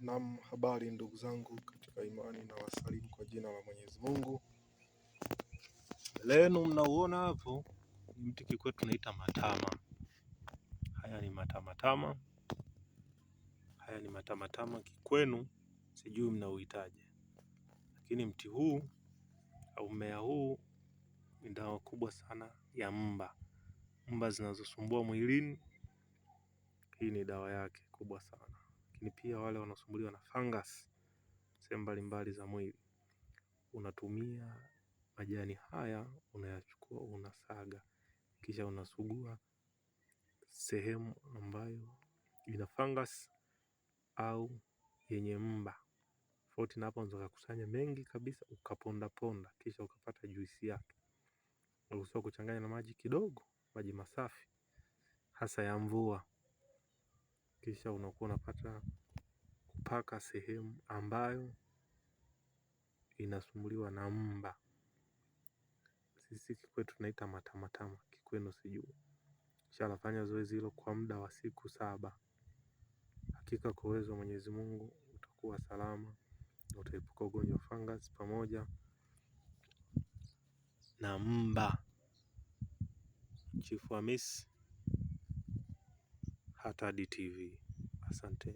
Naam, habari ndugu zangu katika imani na wasalimu kwa jina la Mwenyezi Mungu. Lenu mnauona hapo ni mti kikwetu tunaita matama. Haya ni matamatama, haya ni matamatama kikwenu, sijui mnauhitaji, lakini mti huu au mmea huu ni dawa kubwa sana ya mba, mba zinazosumbua mwilini. Hii ni dawa yake kubwa sana lakini pia wale wanaosumbuliwa na fungus sehemu mbalimbali za mwili, unatumia majani haya unayachukua, unasaga, kisha unasugua sehemu ambayo ina fungus au yenye mba. Tofauti na hapo, unaweza ukakusanya mengi kabisa ukapondaponda, kisha ukapata juisi yake. Unaruhusiwa kuchanganya na maji kidogo, maji masafi hasa ya mvua kisha unakuwa unapata kupaka sehemu ambayo inasumbuliwa na mba. Sisi kikwetu tunaita matamatama kikwenu sijui. Shalafanya zoezi hilo kwa muda wa siku saba. Hakika kwa uwezo wa mwenyezi mungu utakuwa salama na utaepuka ugonjwa wa fungus pamoja na mba. Chifu Hamisi Hatad TV asante.